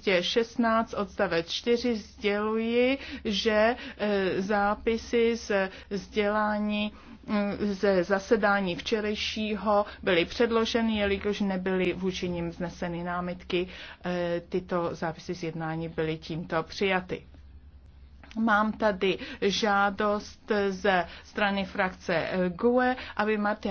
216 odstavec 4 sděluji, že e, zápisy z vzdělání e, ze zasedání včerejšího byly předloženy, jelikož nebyly vůči ním vzneseny námitky. E, tyto zápisy z jednání byly tímto přijaty. Mám tady žádost ze strany frakce GUE, aby Martin